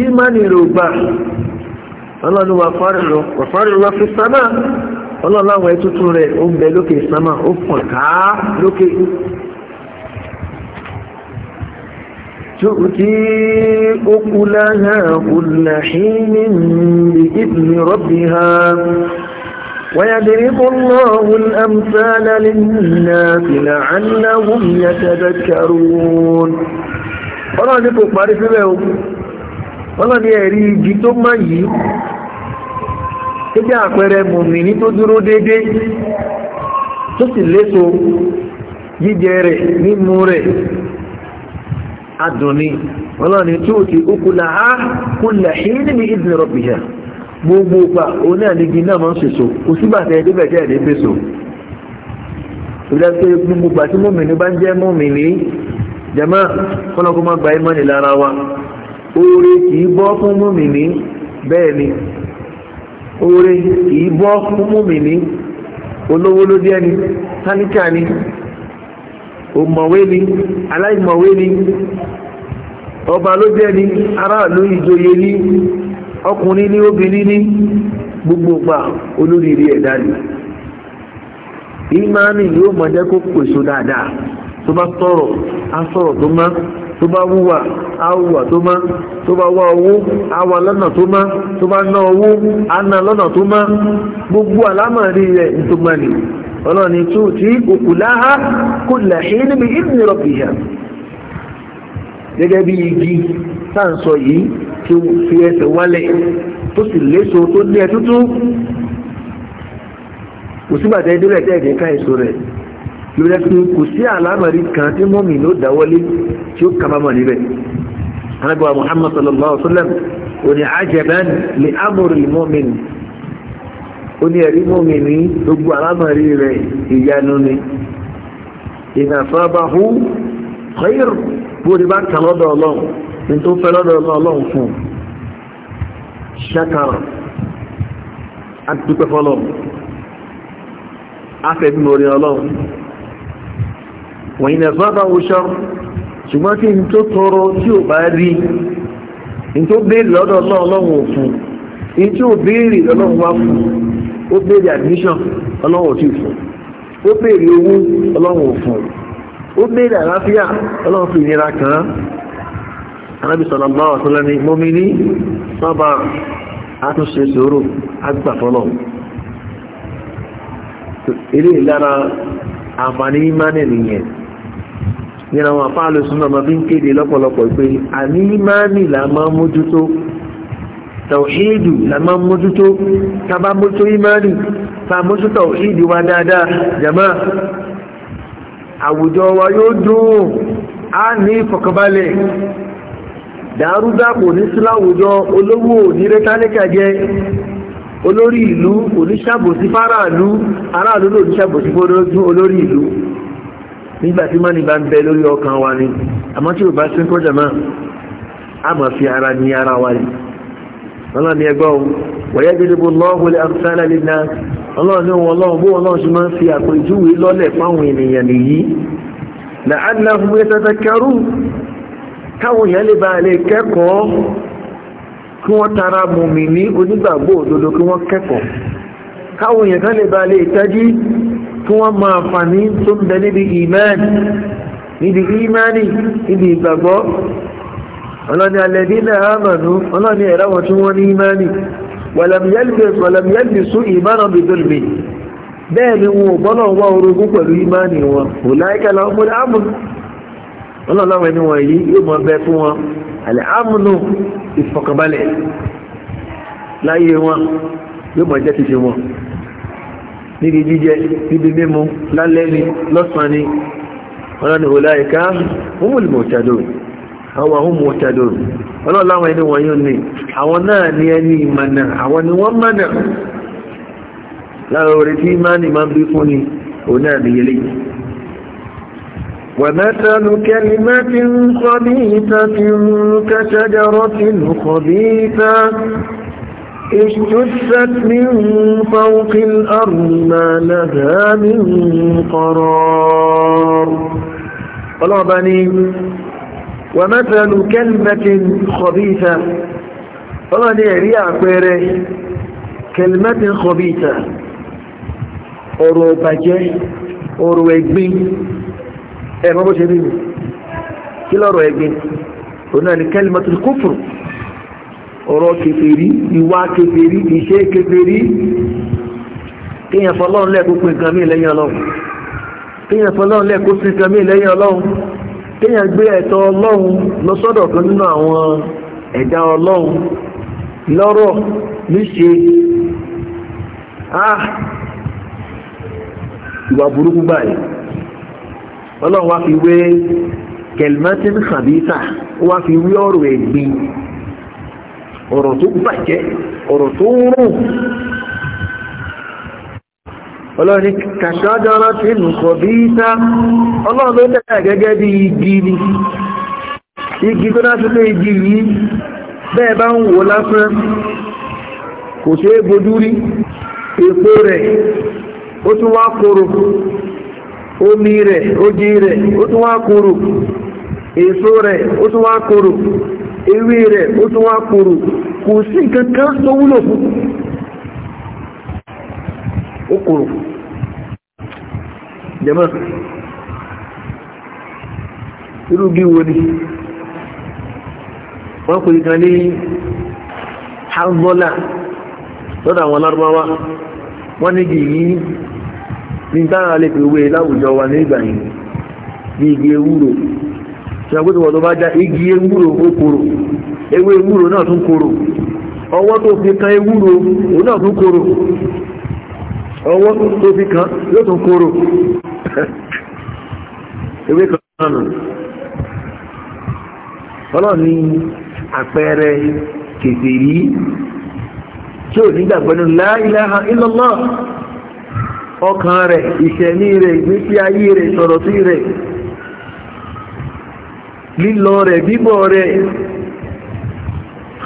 ìmánì rò gbà ọlọ́run wà fárẹ̀ fi sámà ọlọ́run àwọn rẹ̀ ó ń bẹ lókè sámà ó pọ̀n ká lókè تؤتي أكلها كل حين ha. ويضرب الله الأمثال للناس لعلهم يتذكرون ọlọ́run ní kò parí síbẹ̀ o ọlọ́run ní ẹ̀rí igi tó máa yìí tó jẹ́ àpẹẹrẹ mùmìnì tó dúró dédé tó sì léso jíjẹ rẹ̀ mímú rẹ̀ adùnni ọlọ́run ní tí ó ti ó kú làá kú làá gbogbo pa oní ànígi náà máa ń ṣèṣò kò sígbà tẹ ẹdí bẹ̀tẹ̀ ẹ̀dí fèsò ìdájọ́ gbogbo pa tí mọ́mìnì bá ń jẹ́ mọ́mìnì jama kọ́nàkó máa gba ìmọ̀ni lára wa oore kìí bọ́ fún mọ́mìnì bẹ́ẹ̀ ni oore kìí bọ́ fún mọ́mìnì olówó ló díẹ̀ ni táníkà ni òmọ̀wé ni aláìmọ̀wé ni ọba ló díẹ̀ ni aráàlú ìjòyè ni. ọkùnrin ní obìnrin ní gbogbo pa olóríire ẹ̀dá ni imani yóò mọ̀ jẹ́ kó pèsò dáadáa tó bá sọ̀rọ̀ á sọ̀rọ̀ tó má tó bá wúwà á wúwà tó má tó bá wá owó á wà lọ́nà tó má tó bá ná owó á ná lọ́nà tó má gbogbo àlámọ̀rí rẹ̀ ọlọ́ni tó ti òkú láhá kó làhín níbi ìdìnnìrọ̀bì yà gẹ́gẹ́ bí igi tá à tí ó fi ẹsẹ̀ wálẹ̀ tó sì léso tó ní ẹtútú kò sígbàtẹ́ ìdílẹ̀ tẹ́ ẹ̀dẹ̀ ká èso rẹ̀ lórí ẹkùn kò sí àlámọ̀rí kan tí mọ́mì ló dáwọ́lé tí ó kàmàmọ̀ níbẹ̀ anábíwá Muhammad sallallahu alaihi wa sallam ó ní ajaban li amri mọ́mìn ẹ̀rí mọ́mìn ní gbogbo àlámọ̀rí rẹ̀ ìyanu ni ìnàfàbàhù khayr bó ni bá kàn lọ́dọ̀ ọlọ́run ní tó fẹ́ lọ́dọ̀ ọlọ́run fún ṣakara àtúpẹ́ fọ́lọ́run afẹ́bí lórí ọlọ́run wọ̀nyí nẹ̀fọ́ bá wọ́ṣọ́ ṣùgbọ́n kí n tó tọrọ tí ò bá rí n tó béèrè lọ́dọ̀ ọlọ́run òfin n tí ò béèrè ọlọ́run wá fún ó béèrè admission ọlọ́run ò tí fún ó béèrè owó ọlọ́run ò fún ó béèrè àlàáfíà ọlọ́run fi ìnira kàn án anábì sallallahu alaihi wasallam ni mọ́míní sọ́bà àtúnṣe sòrò agbàfọ́lọ̀ eré ìlara àǹfààní ìmánì nìyẹn nínú àwọn àfáàlù súnmọ́ ma fi ń kéde lọ́pọ̀lọpọ̀ pé àní ìmánì là máa ń mójútó tàwíìdù là máa ń mójútó tàbá mójútó ìmánì tà mójútó tàwíìdù wa dáadáa jàmá àwùjọ wa yóò dùn á ní ìfọ̀kànbalẹ̀ dàrúdàpọ̀ ní síláwùjọ olówó òní rẹ́tálẹ́kà jẹ́ olórí ìlú oníṣàbòsí fáráàlú aráàlú ló oníṣàbòsí fọ́dọ́dún olórí ìlú nígbà tí mọ́ni bá ń bẹ lórí ọkàn wa ni àmọ́ tí ò bá sí kọjá a mọ̀ fi ara ní ara wa ni ọlọ́run ni ẹgbọ́ wọ̀yẹ́ gbẹ́dẹ́gbò lọ́wọ́ lè amsala lè na ọlọ́run ní wọn lọ́wọ́ bó wọn máa ń fi àpèjúwe lọ́lẹ̀ fáwọn ènìyàn nìyí káwọn èèyàn lè bá lè kẹ́kọ̀ọ́ kí wọ́n tara mùmí ní onígbàgbọ́ òdodo kí wọ́n kẹ́kọ̀ọ́ káwọn èèyàn kan lè bá lè tẹ́jí kí wọ́n máa fàní tó ń bẹ níbi ìmánì níbi ìmánì níbi ìgbàgbọ́ ọlọ́ni alẹ́dí náà àmànú ọlọ́láwọn ẹni wọn yìí yóò mọ bẹ fún wọn àlẹ́ àmúnú ìfọkànbalẹ̀ láyé wọn yóò mọ jẹ́ títí wọn níbi jíjẹ níbi mímu lálẹ́ ni lọ́sàn-án ni ọlọ́ni ọláìká múmùlùmọ̀ òtàdó àwọn ohun òtàdó ọlọ́láwọn ẹni wọn yóò ní àwọn náà ni ẹni ìmọ̀nà àwọn ni wọ́n mọ̀nà lára orí tí máa ní máa ń bí fún ni òun náà nìyẹlẹ́yìn ومثل كلمة خبيثة كشجرة خبيثة اجتثت من فوق الأرض ما لها من قرار الله ومثل كلمة خبيثة الله نعري أعقيره كلمة خبيثة أروباجي أروباجي ẹ̀mọ́ bó ṣe rí mi kí lọ́rọ̀ ẹgbẹ́ òun náà ni ọ̀rọ̀ ìṣe kíyàn fọlọ́run lẹ́ẹ̀kó pín mí lẹ́yìn ọlọ́run kíyàn gbé ẹ̀tọ́ ọlọ́run lọ sọ́dọ̀ kan nínú àwọn ẹ̀dá ọlọ́run lọ́rọ̀ níṣe ah ìwà burúkú ọlọ́run wá fi wé kẹlmẹ́tìn khabisa ó wá fi wé ọ̀rọ̀ ẹ̀gbin ọ̀rọ̀ tó bàjẹ́ ọ̀rọ̀ tó rùn ọlọ́run ní kàṣájára tí nù khabisa ọlọ́run ló tẹ́lẹ̀ gẹ́gẹ́ bí igi ni igi tó dá sí igi yìí bẹ́ẹ̀ bá ń wò lásán kò ṣeé bojú rí èpo rẹ̀ ó tún wá kóró omi rẹ̀ ogi rẹ̀ ó tún wá kúrò èso rẹ̀ ó tún wá kúrò ewé rẹ̀ ó tún wá kúrò kò sí nǹkan kan tó wúlò fún ó kúrò jẹ́mọ́ irú bí wo ni wọ́n kò ìkan ní hanzola lọ́dọ̀ àwọn lárúbáwá wọ́n ní yìí ní táwọn alẹ́ pé wé láwùjọ wa nígbà yìí ní igi ewúro ṣàgbéṣe wọ́n tó bá já igi ewúro ó korò ewé ewúro náà tún korò ọwọ́ tó fi kan ewúro òun náà tún korò ọwọ́ tó fi kan yóò tún korò ewé kan náà nù ọlọ́run àpẹẹrẹ kèfèrí tí ò ọkàn rẹ̀ ìṣẹ̀mí rẹ̀ ìgbésí ayé rẹ̀ sọ̀rọ̀sí rẹ̀ lílọ rẹ̀ bíbọ̀ rẹ̀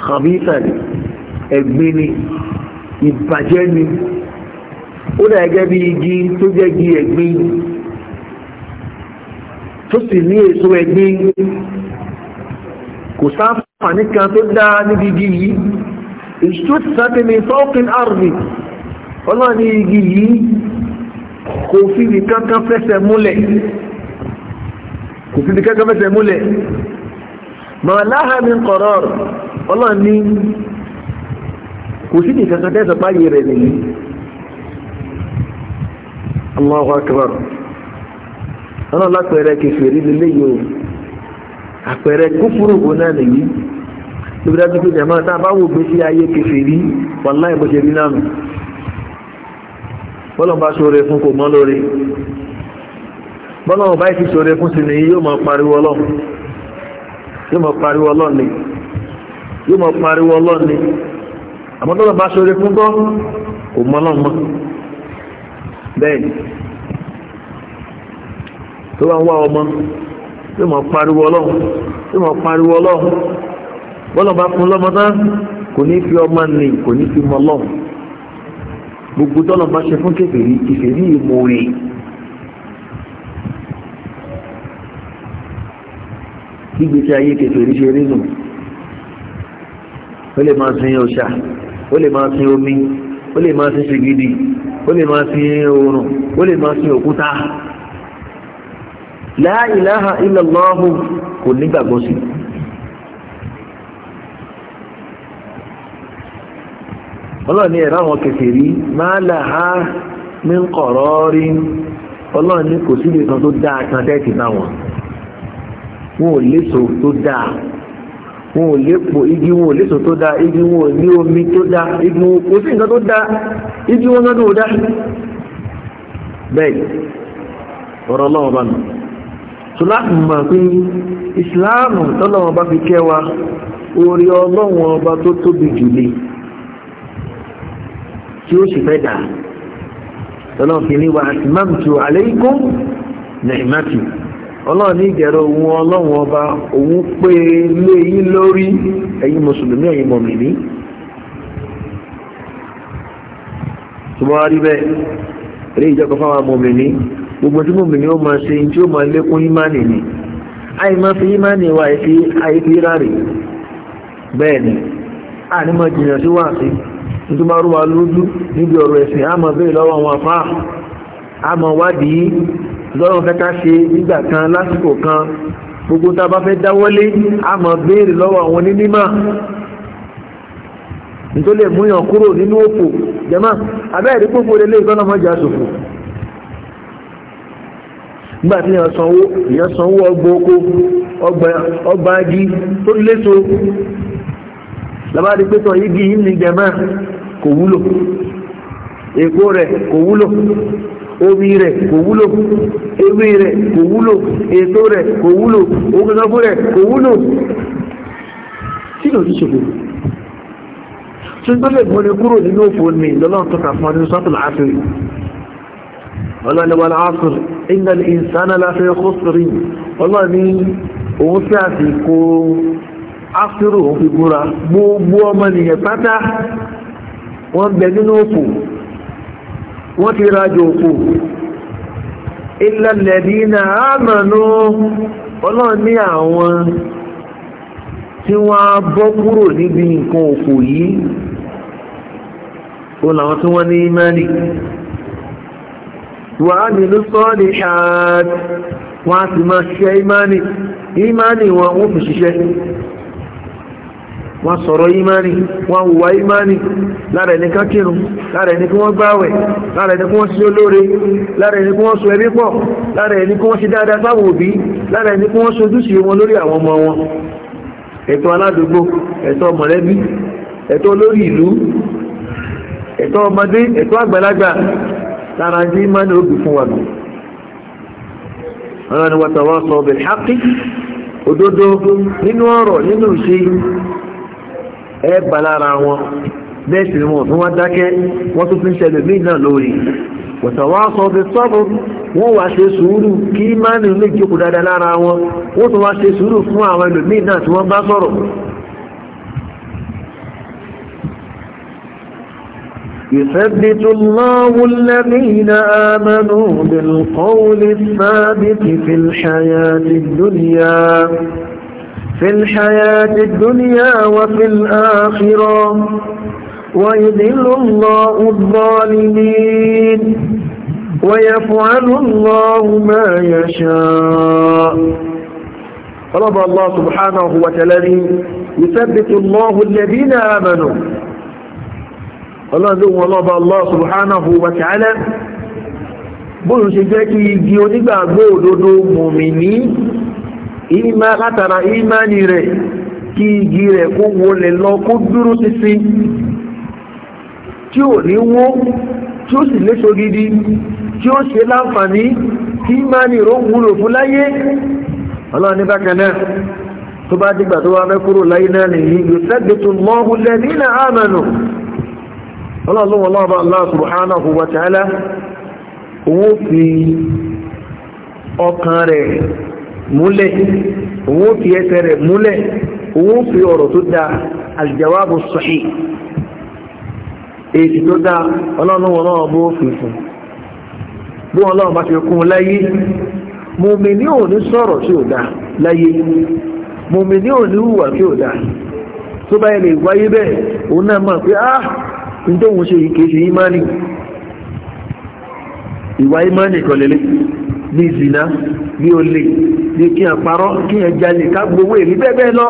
khabitha ni ẹ̀gbin ni ìbàjẹ́ ni ó dà gẹ́gẹ́ bí igi tó jẹ́ igi ẹ̀gbin tó sì ní èso ẹ̀gbin kò sáfàní kan tó dá níbi igi yìí ìṣútù sátẹ́mi fọ́ọ̀kín arbi ọlọ́ni igi yìí kò fìdí kankan fẹsẹ̀ múlẹ̀ kò fìdí kankan fẹsẹ̀ múlẹ̀ màláhà min qarar ọlọ́run ní kò sí nìkan kan tẹ́sán páyé rẹ̀ nìyí Allahu akbar ọlọ́run lápẹẹrẹ kẹfìrí lélẹ́ yìí o àpẹẹrẹ kúkúrú òun náà nìyí lóbi dájú pé jẹ̀mọ́ tá a bọ́lọ̀ bá ṣoore fún kò mọ́ lórí bọ́lọ̀ bá ìfi ṣoore fún sí ni yóò mọ̀ pariwo ọlọ́run yóò mọ̀ pariwo ọlọ́run ni yóò mọ̀ pariwo ọlọ́run ni àmọ́ bọ́lọ̀ bá ṣoore fún gọ́ kò mọ́ lọ́run mọ́ bẹ́ẹ̀ni tó bá ń wá ọmọ yóò mọ̀ pariwo ọlọ́run yóò mọ̀ pariwo ọlọ́run bọ́lọ̀ bá fún lọ́mọ kò ní fi ọmọ nì kò ní fi mọ́ lọ́run gbogbo tọ́lọ̀ bá ṣe fún kèfèrí kèfèrí ìmoore gbígbèsè ayé kèfèrí ṣe rínú ó lè máa sin ọ̀ṣà ó lè máa sin omi ó lè máa sin ṣègidì ó lè máa sin oòrùn ó lè máa sin òkúta la ilaha illallahu kò nígbàgbọ́ sí i. ọlọ́run ní ẹ̀rọ àwọn kèfèrí máa là á ní kọ̀rọ̀ rí ọlọ́run ní kò sí ibi kan tó dáa kan tẹ́ẹ̀tì náà wọn wọn ò léso tó dáa wọn ò lépo igi wọn ò léso tó dáa igi wọn ò ní omi tó dáa igi wọn kò sí nǹkan tó dáa igi wọn gánà ò dáa bẹ́ẹ̀ ọ̀rọ̀ ọlọ́run bá nù tó láti mọ̀ pé ìsìláàmù tọ́lọ́run bá fi kẹ́ wa orí ọlọ́run ọba tó tóbi jù lé tí ó sì fẹ́ dà ọlọ́run ní wa àtìmáàmùtù àléékún nàìmátì ọlọ́run ní ohun ọlọ́run ọba òun pé lé yí lórí ẹ̀yin mùsùlùmí ẹ̀yin mọ̀mìnì ṣùgbọ́n rí bẹ́ẹ̀ eré gbogbo tí mọ̀mìnì ó máa ṣe tí ó máa lékún ni àì máa fi wa àìfi bẹ́ẹ̀ ni àní máa sí tó bá rú wa lójú níbi ọ̀rọ̀ ẹ̀sìn àmọ́ bẹ́ẹ̀ lọ́wọ́ wọn fà àmọ́ wádìí lọ́rùn fẹ́ ká ṣe nígbà kan lásìkò kan gbogbo tá a bá fẹ́ dáwọ́lé àmọ́ béèrè lọ́wọ́ àwọn onímọ̀ nítorí lè múyàn kúrò nínú òfò jẹ́mọ́ abẹ́ẹ̀rí gbogbo lélẹ́ ìtọ́nàmọ́jà sòfò nígbà tí èèyàn lábárí pé tọ́ igi yìí ní jẹmọ́ kò wúlò èpo rẹ̀ kò wúlò omi rẹ̀ kò wúlò ewé rẹ̀ kò wúlò èso rẹ̀ kò wúlò ogunlọ́gbọ́ rẹ̀ kò wúlò tí lò ní ṣòfò ṣùgbọ́n lẹ́gbọ́n ni kúrò nínú òfò mi lọ́lọ́run tó kà fún ọdún sọ́tùlá àfẹ́rẹ́ ọlọ́ni wọn lásùn ìgbàlẹ̀ ìsánà láfẹ́ kó sọ̀rọ̀ ọlọ́ni òun sí àsìkò áfírò òun fi búra gbogbo ọmọ nìyẹn pátá wọ́n bẹ nínú òkú wọ́n ti rájọ òkú ilẹ̀lẹ̀dí na àmànú ọlọ́run ní àwọn tí wọ́n bọ́ kúrò níbi nǹkan òkú yìí ó làwọn tí wọ́n ní imani wà á nínú sọ́ọ̀lì ṣáàtì wọ́n á sì máa ṣiṣẹ́ imani imani wọn ó fi ṣiṣẹ́ wọ́n sọ̀rọ̀ ìmáni wọ́n hùwà ìmáni lára ẹni ká kírun lára ẹni kí wọ́n gbáwẹ̀ lára ẹni kí wọ́n sí olóore lára ẹni kí wọ́n so ẹbí pọ̀ lára ẹni kí wọ́n sí dáadáa sáwọn òbí lára ẹni kí wọ́n sojúṣe wọn lórí àwọn ọmọ wọn ẹ̀tọ́ aládùúgbò ẹ̀tọ́ mọ̀lẹ́bí ẹ̀tọ́ olórí ìlú ẹ̀tọ́ ọmọdé ẹ̀tọ́ àgbàlagbà lára ẹni ìmáni òbí fún wa nù ẹ bá lára wọn bẹ́ẹ̀ sì ni wọn fún wọn dákẹ́ wọ́n tún fi ń ṣẹlẹ̀ míì náà lórí wọ̀tàwá sọ fi sọ́bù wọ́n wá ṣe sùúrù kí mánì lè jókòó dáadáa lára wọn wọ́n tún wá ṣe sùúrù fún àwọn ẹlòmíì náà tí wọ́n bá sọ̀rọ̀ يثبت الله الذين آمنوا بالقول الثابت في الحياة الدنيا في الحياة الدنيا وفي الآخرة ويذل الله الظالمين ويفعل الله ما يشاء رضى الله سبحانه وتعالى يثبت الله الذين آمنوا الله ذو lọ́ba الله سبحانه وتعالى بل bóyún جيوني بأبو kí igi ìmá látara ìmánì rẹ̀ kí igi rẹ̀ kó wọlé lọ kó dúró títí tí ò ní wó tí ó sì léṣo gidi tí ó ṣe láǹfààní kí ìmánì rọ wúlò fún láyé ọlọ́run ní tó bá dìgbà tó wá mẹ́kúrò láyé náà nìyí yóò sẹ́gbẹ̀ nílẹ̀ àmànù ọlọ́run mule òun ó fi mule rẹ̀ múlẹ̀ òun da aljawabu sahih èsì to da ọlọ́run wọn náà bó fi fún bí wọn bá fi kún láyé mùmíní ò ní sọ̀rọ̀ tí ò da láyé mùmíní ò ní hùwà tí ò da tó bá lè wáyé bẹ́ẹ̀ òun náà mọ̀ pé ah ǹjẹ́ òun ṣe ìkéṣe ìmánì ìwà ìmánì bí zina bí olè bí kí n kí n jalè ká gbowó èyí bẹ́ẹ̀ lọ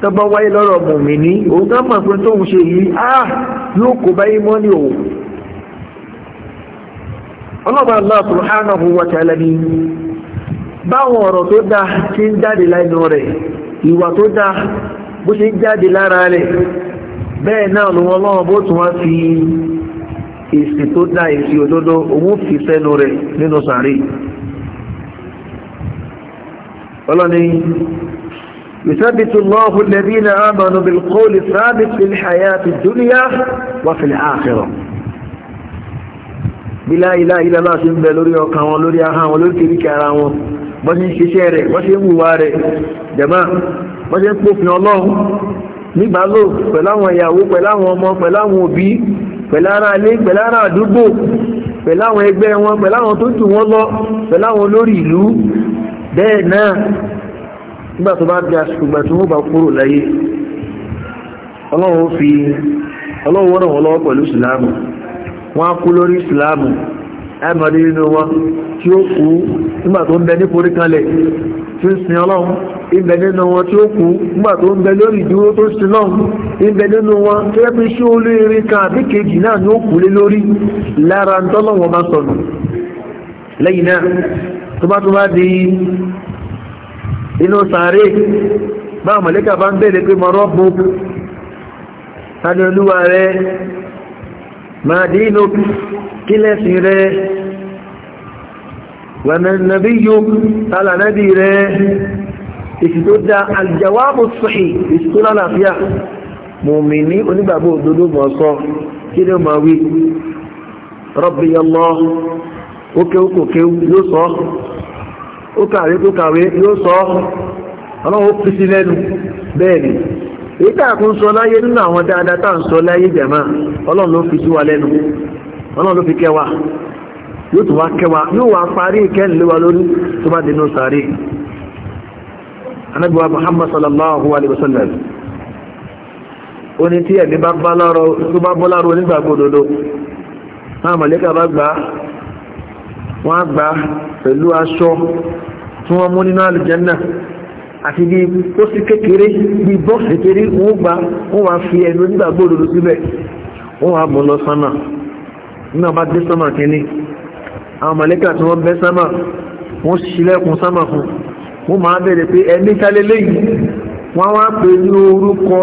tọ́ba wáyé lọ́rọ̀ mọ̀mí ní òun náà mọ̀ pé tóun ṣe yìí á ah, yóò kó báyé mọ́ ní òun Allah subhanahu ala ta'ala ni báwọn ọ̀rọ̀ tó dáa ti ń jáde lẹ́nu rẹ̀ ìwà tó dáa bó ṣe ń jáde lára rẹ̀ bẹ́ẹ̀ náà lọ́wọ́ bó tún wá fi èsì tó dá èsì òdodo òun fi sẹ́nu rẹ̀ nínú sàárè ọlọ́ni يثبت الله الذين آمنوا بالقول الثابت في الحياة الدنيا وفي الآخرة bílá ilá ilá láti ń bẹ lórí ọkàn wọn lórí ahọ́n wọn lórí kìríkì ara wọn wọ́n ṣe ń ṣiṣẹ́ rẹ̀ wọ́n ṣe ń wùwà rẹ̀ jẹ̀mọ́ wọ́n ṣe ń pòfin ọlọ́run nígbàlò pẹ̀láwọn ìyàwó pẹ̀láwọn ọmọ pẹ̀láwọn òbí pẹ̀lú ara ilé pẹ̀lú ara àdúgbò pẹ̀lú ẹgbẹ́ wọn pẹ̀lú tó jù wọ́n lọ pẹ̀lú olórí ìlú bẹ́ẹ̀ náà nígbà tó bá di àsìkò ìgbà wọ́n bá kúrò láyé fi ẹmọ̀rí inú wọn tí ó kú nígbà tó ń bẹ ní forí kanlẹ̀ tí ó sin ọlọ́run ibẹ̀ nínú wọn tí ó kú nígbà tó ń bẹ lórí ìdúró tó sin lọ́run ibẹ̀ nínú wọn tó yẹ pé ṣé olóore kan àbí kejì náà ni ó kú lé lórí lára ń tọ́lọ̀ wọn bá sọnù lẹ́yìn náà tó bá tó bá di inú sàárè báwọn mọ̀lẹ́kà bá ń bẹ̀rẹ̀ pé mọ̀rọ́ bu ما دينك كلا سيره وما النبي قال نبيره استدى الجواب الصحيح استدى الافياء مؤمني ونبابو دودو مصر كده ماوي ربي الله ókèwú kò kéwú yóò sọ ó kàwé kò kàwé yóò sọ ọlọ́run ó fi sí lẹ́nu bẹ́ẹ̀ ni èyí tá a kún sọ láyé nínú àwọn dáadáa tá à ń sọ láyé jẹ̀mọ́ ọlọ́run ló fi sí wa lẹ́nu ọlọ́run ló fi kẹ́ wa yóò tún wá kẹ́ wa yóò wá parí ìkẹ́lẹ́wà lórí tó bá dénú sàárè anábíwá Muhammad sallallahu alayhi wa sallam oní tí ẹ̀mí bá bá lọ́rọ̀ tó bá bọ́ lọ́rọ̀ onígbàgbọ́ náà mọ̀lẹ́kà bá gbà wọ́n gbà pẹ̀lú aṣọ tí wọ́n mú nínú àlùjànnà náà àti bí pósí kékeré bí bọ́ọ̀sì kékeré wọ́n gba wọ́n wá fi ẹnu nígbà gbòdòdó síbẹ̀ wọ́n wá mọ̀ lọ sánà nígbà bá dé sánà kínní àwọn mọ̀lẹ́kà tí wọ́n bẹ́ sánà wọ́n ṣílẹ̀kùn sánà fún wọ́n máa bẹ̀rẹ̀ pé ẹni kálé lẹ́yìn wọ́n wá pè ní orúkọ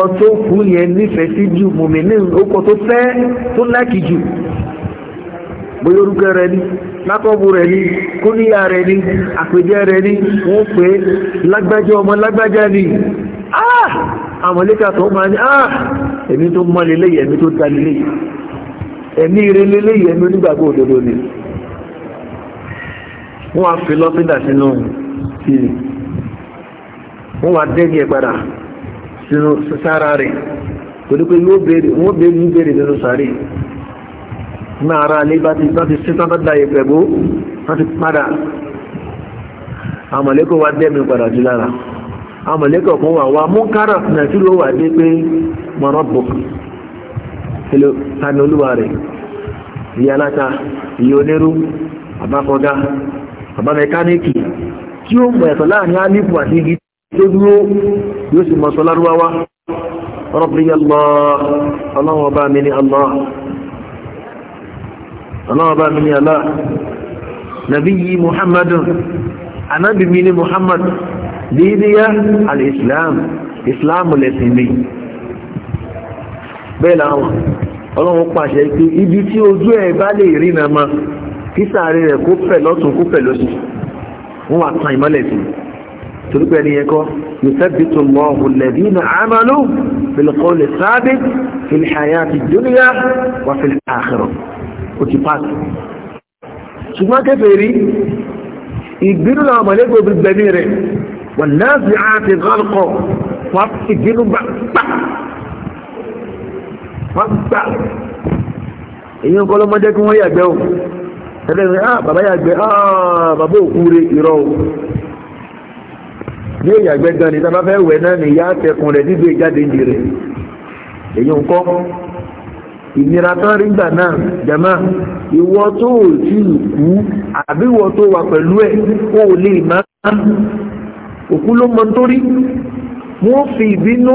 bóyá orúkọ rẹ̀ ní lákọ̀ọ́bù rẹ̀ ní kóníyà rẹ̀ ní àpèjẹ́ rẹ̀ ní wọ́n pè é lágbájá ọmọ lágbájá ní ah! àmọ̀lẹ́kà tó máa ní ah! ẹ̀mí tó mọ́ lélẹ́yìí ẹ̀mí tó ta lélẹ́yìí ẹ̀mí ire lélẹ́yìí ẹ̀mí onígbàgbọ́ òdodo ni wọ́n wá fi lọ́fíńdà sínú ìlú wọ́n wá dẹ́ni padà sínú sára rẹ̀ torí pé yóò béèrè wọ́n béèrè nínú sáré ní ara alé bá ti tán ti sítán tó dáyé pẹ̀gbó wọ́n ti padà àmọ̀lẹ́kọ̀ wá dẹ́mi padà jù lára àmọ̀lẹ́kọ̀ kan wà wá mú kárà náà tí ló wà dé pé mọ̀rọ̀ bọ̀ kìlọ̀ tani olúwa rẹ̀ ìyá aláta ìyá onírú àbákọ̀gá àbá mẹkáníìkì tí ó mọ̀ ẹ̀sọ̀ láàrin alifu àti igi tó dúró yóò sì mọ̀ sọ lárúwáwá ọ̀rọ̀ pé ọlọ́run ọba mi ni Allah ọlọ́wọ́ bá mi ní ọlọ́ nàbí yí muhammadun anábì mi ní muhammad dídíyá alìsìláàm ìsìláàmù lẹ̀sìn mi bẹ́ẹ̀ làwọn ọlọ́run pàṣẹ pé ibi tí ojú ẹ̀ bá lè rí náà ma kí sàárè rẹ̀ kó pẹ̀ lọ́tún kó pẹ̀ lọ́sì wọ́n wà tàn ìmọ́lẹ̀ sí ó ti pàṣẹ ṣùgbọ́n kẹfẹ́ rí ìgbínú náà mọ̀lẹ́gbẹ̀ òbí gbẹ̀mí rẹ̀ wọ́n láti àti gọ́ọ̀kọ̀ wọ́n ìgbínú bá gbà wọ́n gbà èyí ń kọ́ lọ́mọdé kí wọ́n yàgbẹ́ o ẹgbẹ́ mi ah bàbá yàgbẹ́ ah bàbá òkú rẹ̀ irọ́ o ní ìyàgbẹ́ gan ni tábà fẹ́ wẹ̀ náà ni ìyá àtẹkùn rẹ̀ dídú ìjáde ìdí rẹ̀ èyí ń ìnira tán rí gbà náà jẹ̀mọ́ ìwọ tó ò tí ì kú àbí ìwọ tó wà pẹ̀lú ẹ̀ kó o lè má òkú ló mọ nítorí wọ́n fi ìbínú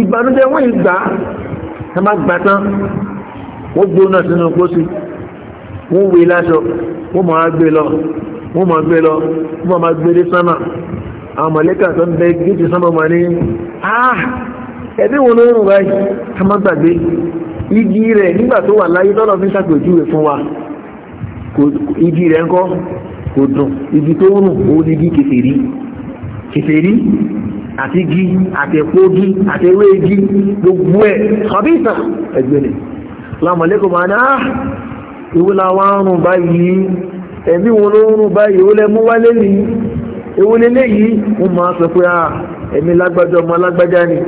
ìbànújẹ́ wọ́n ìgbà ẹ má gbà tán wọ́n gbóná sínú pósí wọ́n wé láṣọ wọ́n máa gbé lọ wọ́n máa gbé lọ wọ́n máa gbé dé sánmà àwọn mọ̀lẹ́kà tó ń bẹ gíjì sánmà wọn ah, ẹbí wọn ló ń rùn báyìí ká má gbàgbé igi rẹ̀ nígbà tó wà láyé tọ́lọ̀ fi ṣàpèjúwe fún wa igi rẹ̀ ńkọ́ kò dùn igi tó rùn òun igi kèfèrí kèfèrí àti igi àti ẹ̀pọ̀ igi àti ewé igi gbogbo ẹ̀ kọ̀bíìsà ẹgbẹ̀rẹ̀ lámọ̀lẹ́kọ̀ máa ní áà ah, ìwé làwọn arùn báyìí ẹ̀mí wọn ló rùn báyìí ó lẹ́mú wálé ní ewu lélẹ́ yìí wọ́n máa sọ pé àà ah, ẹ̀mí lágbájá ọmọ lágbájá ni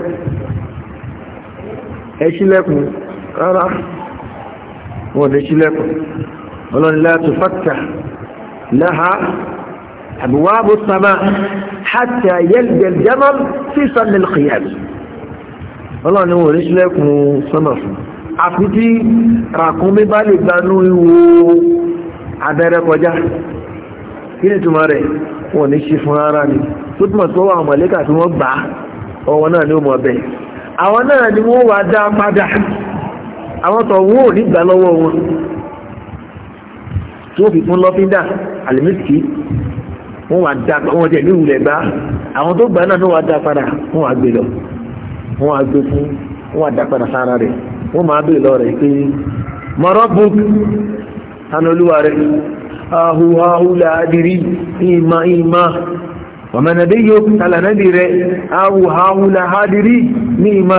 ẹ ṣílẹ̀kùn rárá wọ́n lè ṣílẹ̀kùn ọlọ́ni láti fàkà láha àbúwábù sàmà hàtà yẹ́lgẹ̀l jamal sí sàmìl kìyàmì ọlọ́ni wọ́n lè ṣílẹ̀kùn sọ́mà fún àfi tí ràkúnmí bá lè gbanú ìwò abẹ́rẹ́ kọjá kí ni túmọ̀ rẹ̀ wọ́n ní ṣe fún ara ọwọ́ náà ni ó mọ̀ bẹ́ẹ̀ àwọn náà ni wọ́n wà dá padà àwọn tó wọ́n ò ní gbà lọ́wọ́ wọn tí wọ́n fi fún lọ́fíńdà àlùmísìkì wọ́n wà dá wọ́n tẹ̀ ní ìwúlẹ̀ gbá àwọn tó gbà náà ló wà dá padà wọ́n wà gbé lọ wọ́n wà gbé fún wọ́n wà dá padà sára rẹ̀ wọ́n máa bèè lọ rẹ̀ pé mọ̀rọ́ book sanolúwa rẹ̀ ahuhahula adiri ima ima wàmẹ́nàdé yóò tàlànàbì rẹ̀ ahuhahula adiri ní ima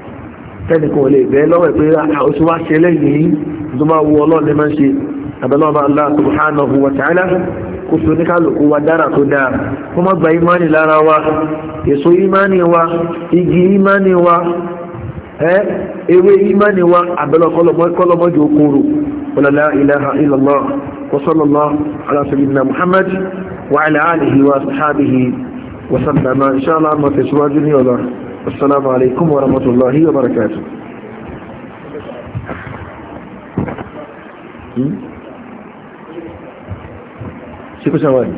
tẹ́nìkan lè bẹ́ẹ̀ lọ́wọ́ pé ah, ah, oṣù wá ṣe lẹ́yìn tó máa wu ọlọ́run ní máa ń ṣe àbẹ̀lọ́wọ́ Allah subhanahu wa ta'ala kó so ní kálukú wa dára tó dáa kó má gba ìmánì lára wa èso ìmánì wa igi ìmánì wa ewé ìmánì wa àbẹ̀lọ́ okòrò wàlálà ilaha illallah wasallallahu ala sayyidina Muhammad wa ala alihi wa sahbihi wa sallama inshallah ma tẹ̀síwájú ní ọlọ́run السلام عليكم ورحمة الله وبركاته شكو سواني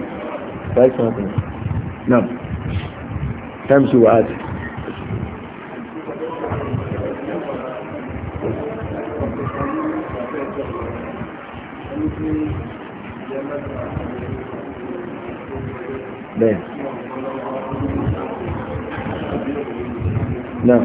بايك سواني نعم كم سوعات Bem. náà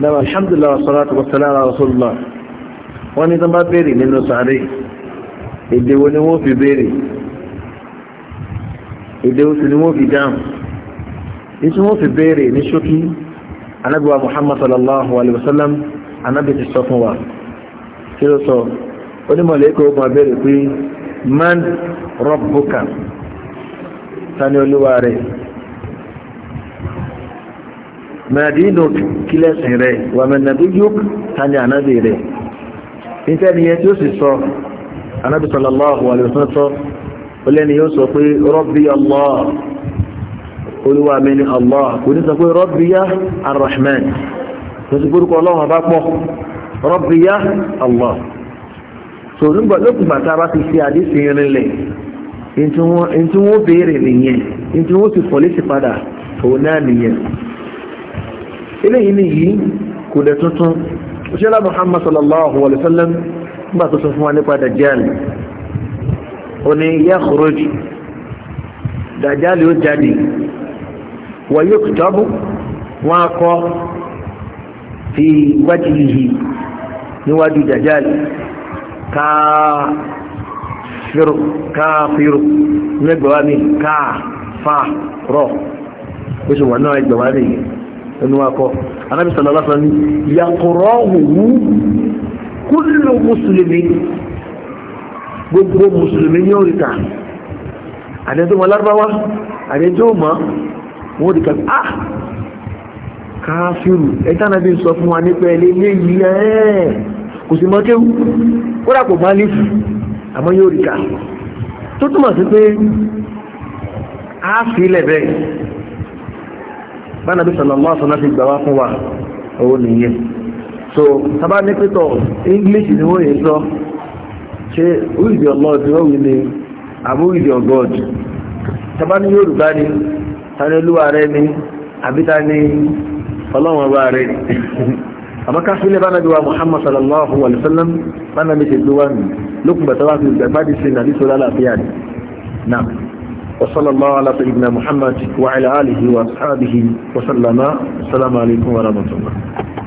náà alhamdulillah wassalatu wassalamu ala rasulullah wọ́n ní tán bá bèèrè nínú sàárè èdè wo ni wọ́n fi bèèrè èdè wo sì ni wọ́n fi dáhùn ìtí wọ́n fi bèèrè ní ṣókí anábíwá muhammad sallallahu alaihi wasallam anábí ti sọ fún wa kí ló sọ onímọ̀lẹ́kọ̀ọ́ ó máa bẹ̀rẹ̀ pé man rọ́bùkà tani olúwa rẹ̀ madinuk kílẹ̀sìn rẹ̀ wà mẹ́nàdúyúk tani ànábì rẹ̀ níta ni yẹn tí ó sì sọ ànábì sallallahu alaihi wasallam sọ ó lẹ́ni yóò sọ pé rọ́bì allah olúwa mi ni allah kò ní sọ pé rọ́bì arrahman tó ti gbórúkọ ọlọ́run bá pọ̀ rọ́bìyá allah so nígbà lókùn bàtà bá ti ṣe àdísì rinlẹ̀ ntí wọ́n béèrè nìyẹn ntí wọ́n ti fọ̀lẹ́sì padà òun náà nìyẹn eléyìí nìyí kò dẹ̀ tuntun òṣèlá muhammad sallallahu alayhi wa sallam nígbà tó sọ fún wa nípa dajjal ó ní yakhruj dajjal fi wájú yìí níwájú jàjáàlì káàfírò káàfírò mẹ́gbẹ̀wá mi káàfàrọ̀ ó ṣe wà náà ẹgbẹ̀wá rẹ̀ yìí ẹnu akọ anábìsọ̀lọ́ lásán ní yàkùrọ̀ òwú kúlù mùsùlùmí gbogbo mùsùlùmí ní oríta àdẹ́tọ́ mọ́ lárúbáwá àdẹ́tọ́ mọ́ wọ́n dìkan káfíìrù ẹ̀tànàbí sọ fún wa nípa ẹ̀lẹ́ ilé yìí ẹ̀ kò sí mọ́kéwù kódà kò lífù àmọ́ yóò rí ká tó sí pé a fi ilẹ̀ bẹ́ẹ̀ bánàbí sallallahu alaihi wasallam gbà wá fún wa owó nìyẹn so sábà ní pẹ́tọ̀ english ni wọ́n yẹn sọ ṣe wíìdì ọlọ́ọ̀dì wọ́n wí ni àbú wíìdì ọgọ́ọ̀dì sábà ní ni tani olúwa rẹ ni àbí tani ọlọ́run ọba rẹ̀ àmọ́ká sílẹ̀ bá nàbí wa Muhammad sallallahu alaihi wasallam bá nàbí ṣe tó wà ní lókùn bàtà wá sí ìgbàgbádìí sí nàbí sọlá láàfíà ní náà وصلى الله على سيدنا محمد وعلى آله وأصحابه وسلم السلام عليكم ورحمة الله